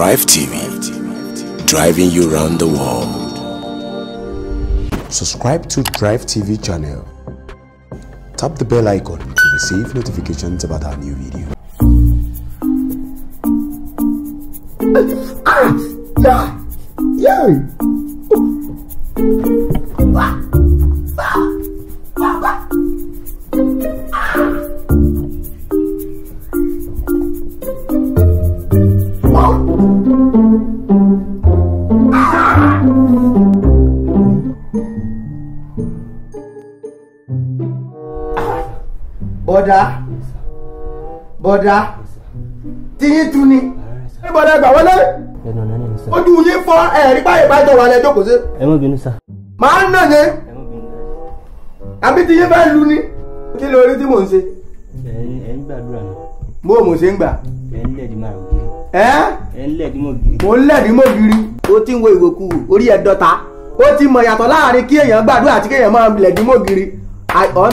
Drive TV, driving you around the world. Subscribe to Drive TV channel. Tap the bell icon to receive notifications about our new video. Yeah. bọ̀dá bọ̀dá tiyín tún ni ní bọ̀dá gbà wọlé ojú yín fọ́ ẹ̀rí báyìí bá jọ wà lẹ́jọ́ kò sí. ẹ mọ̀ bínú sá. màá nà yẹn àbí tiyín fẹ́ lu ni kí ló rí tí mò ń ṣe. ẹ ń gbàdúrà mi. bó o mò ń ṣe ń gbà. ẹ ń lẹ̀dí máa ẹ ẹ ń lẹ̀dí mo ń lẹ̀dí mọ́ ògiri.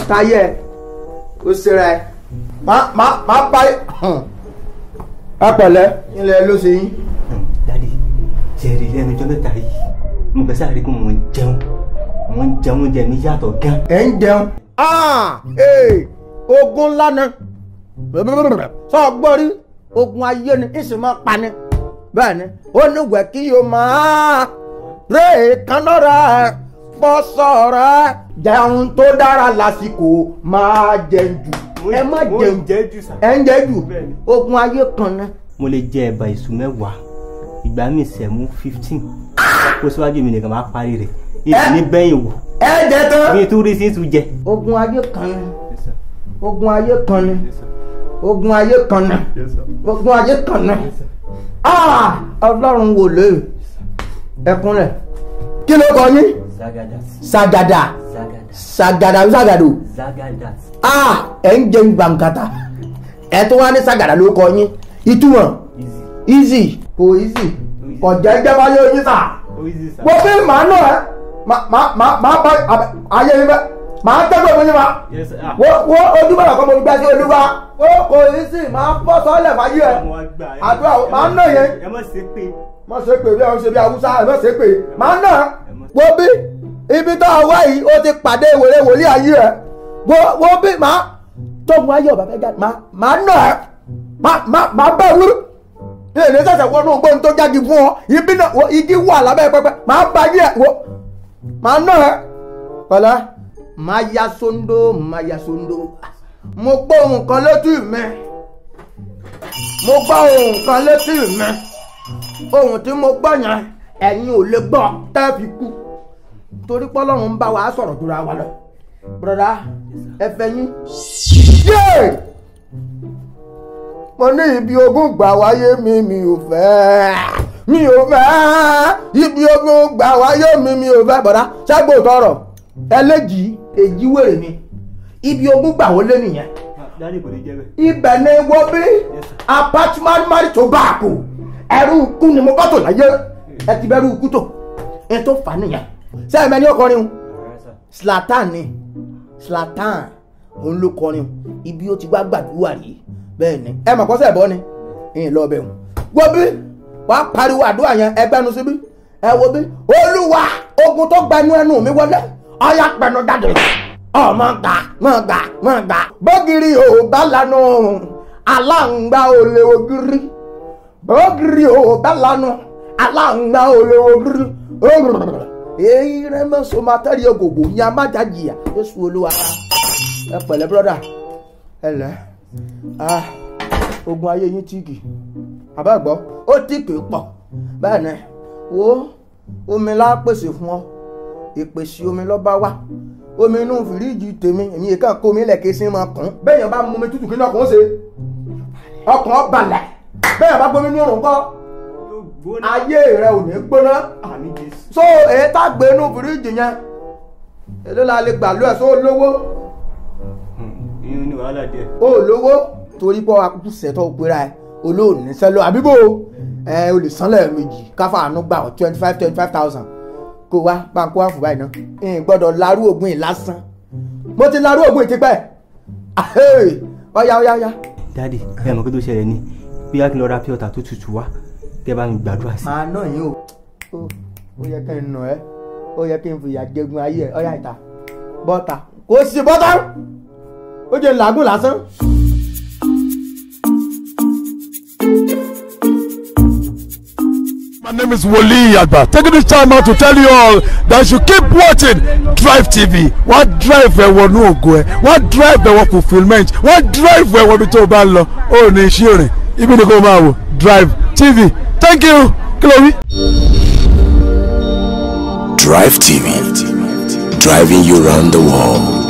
ti ń ó ṣera ẹ má má má bá apẹ̀lẹ́ ilẹ̀ ló ṣe yín. dadi jẹ̀rì lẹ́nu ọjọ́ mẹ́ta yìí mo fẹ́ sáré kó mo jẹun mo ń jẹun oúnjẹ mi yàtọ̀ gan. ẹ ń jẹun ogun ńlá ni sọ gbọ́rí ogun ayé ni ìsìn máa pa ni bẹ́ẹ̀ ni ó ní wẹ̀ kí yóò máa rèé kan pọ́ sọ̀rọ̀ jẹun tó dára lásìkò máa jẹun jù ẹ má jẹun ẹ ń jẹ jù ogun ayé kan náà. mo lè jẹ ẹ̀bà ìṣù mẹ́wàá ìgbà mi sẹ̀mú fifteen kó síwájú mi nìkan máa parí rẹ̀ ìdí ní bẹ́yìn wò. ẹ jẹ tán. mi tún rí sí tún jẹ. ogun ayé kan náà ogun ayé kan náà ogun ayé kan náà ogun ayé kan náà ah! ọlọ́run wò lóyún ẹkún rẹ̀ kí ló kọ yín sagada sagada sagado ah ẹ bankata. jẹun gbàǹkàtà ẹ tún wá ní sagada ló kọ yín ìtumọ̀ easy kò easy kò jẹ́jẹ́ bá yóò yín sà mo fi màá Ma ma ma bá ayé mi bẹ́ẹ̀ màá tẹ́gbẹ́ mi ní ma wo wo ojú ba ko mo gbé sí olúwa ó kò easy màá bọ́ sọ́ọ́lẹ̀ fàyè ẹ àdúrà màá nà yẹn mọ̀ ṣe pé bí àwọn ṣe bí awúsá ẹ mọ̀ ṣe pé màá nà wọ́n bí ibi tó ń wá yìí ó ti pàdé ìwòlé wòlíì ayé ẹ wo wo bí màá tóun ayé ọ̀bà fẹ́ jáde ma nà ẹ́ màá bẹ̀ wúrú èlé sẹ̀sẹ̀ wọnú gbóhùn tó jáde fún ọ ibi náà igi wà lábẹ́ pẹpẹ màá bá yí ẹ̀ wo, ma nà ẹ́ pẹ̀lẹ́ ma ya sondo ma ya sondo mo gbọ́ ohun kan létí mi mo gbọ́ ohun kan létí mi ohun tí mo gbọ́ yẹn ẹ̀yin ò lè gbọ́ tẹ́ fi kú torí pọ́lọ́run ń bá wa sọ̀rọ̀ jura wa lọ broda ẹ fẹ́ yín. mo ní ibi ogún gbà wáyé mi mi ò fẹ́ mi ò fẹ́ ibi ogún gbà wáyé mi mi ò fẹ́ broda ṣàgbó tọrọ ẹlẹ́jìí èjì wèrè ni ibi ogún gbà wọlé nìyẹn ibẹ̀ ni wọ́n bí apartment mari tó bá a kò ẹrú ikú ni mo bá tò láyé ẹ ti bẹ́ẹ̀ rú ikú tó ẹ tó fà nìyẹn sẹ́yìn mẹ́ni ó kọrin o Zlatan ni Zlatan òun ló kọrin o ibi ó ti wá gbàdúrà rèé bẹ́ẹ̀ ni ẹ mọ̀ kọ́sẹ̀ bọ́ ni ìyìn lọ bẹ̀ wọ́n. wo bí wàá pariwo àdúrà yẹn ẹgbẹ́nu síbí ẹ wo bí olúwa ogun tó gbanú ẹnu mi wọlé ọyà pẹ̀lú jáde ọmọ gbà mọ gbà mọ gbà. bọ́gìrì ò bá lanu aláǹgbá ò lè ògiri bọ́gìrì ò bá lanu aláǹgbá ò lè èyí rẹ́mọ́ somatari ògògbò ní amájàjìyà Jésù Olúwa ẹ pẹ̀lẹ́ brọ́dà ẹ lẹ́ ah, ogun ayé yín tíìgì àbágbọ́ ó dìpé pọ̀ bẹ́ẹ̀ ni wo omi la pèsè fún ọ ìpèsè omi lọ́ba wá omi inú fìríìjì tèmi èmi yìí kàn kó omi ilẹ̀ kesí máa kàn. bẹ́ẹ̀ yẹn bá mú omi tútù kí ní ọkàn ó ṣe ọkàn ó balẹ̀ bẹ́ẹ̀ yẹn bá gbómi ní òrùn kọ́ ayé rẹ ò ní gbóná so èyí tá gbé inú fíríjì yẹn èló la lè gbà lóyè só lówó ó hmm, lówó torí pé akúkú sẹ́tọ̀ òpera ẹ̀ olóòní sẹ́lọ̀ àbíbò ẹ̀ o lè sanlẹ̀ méjì káfà àánú gbà ọ́ twenty five twenty five thousand kó wá báńkó wá fún báyìí náà ẹ̀ gbọ́dọ̀ larú ògùn yìí lásán mo ti larú ògùn yìí ti pẹ́ ọ̀yá ọ̀yá ọ̀yá. dáàdi ẹ mọ̀ kí ló ṣẹlẹ̀ ni bí a kì í lọ ra pure water tó tutù wá kẹ́ bá ń gbàdúrà sí. màá nà yín o ó yẹ kí n nà ẹ́ ó yẹ kí n fìyà jẹgun ayé ẹ̀ ọ̀yà ìta bọ́ta kò sí bọ́ta ó jẹ́ làágùn lásán. My name is Wole Yagba. Taking this time out to tell you all that you keep watching Drive TV. Wọ́n drive ẹ̀ wọnú ògo ẹ̀, wọ́n drive ẹ̀ wọ fulfilment, wọ́n drive ẹ̀ wọ́n bí tó o bá lọ, ó ní iṣẹ́ rìn, ibi ni kò máa wò drive. TV thank you Chloe. Drive TV, driving you round the world.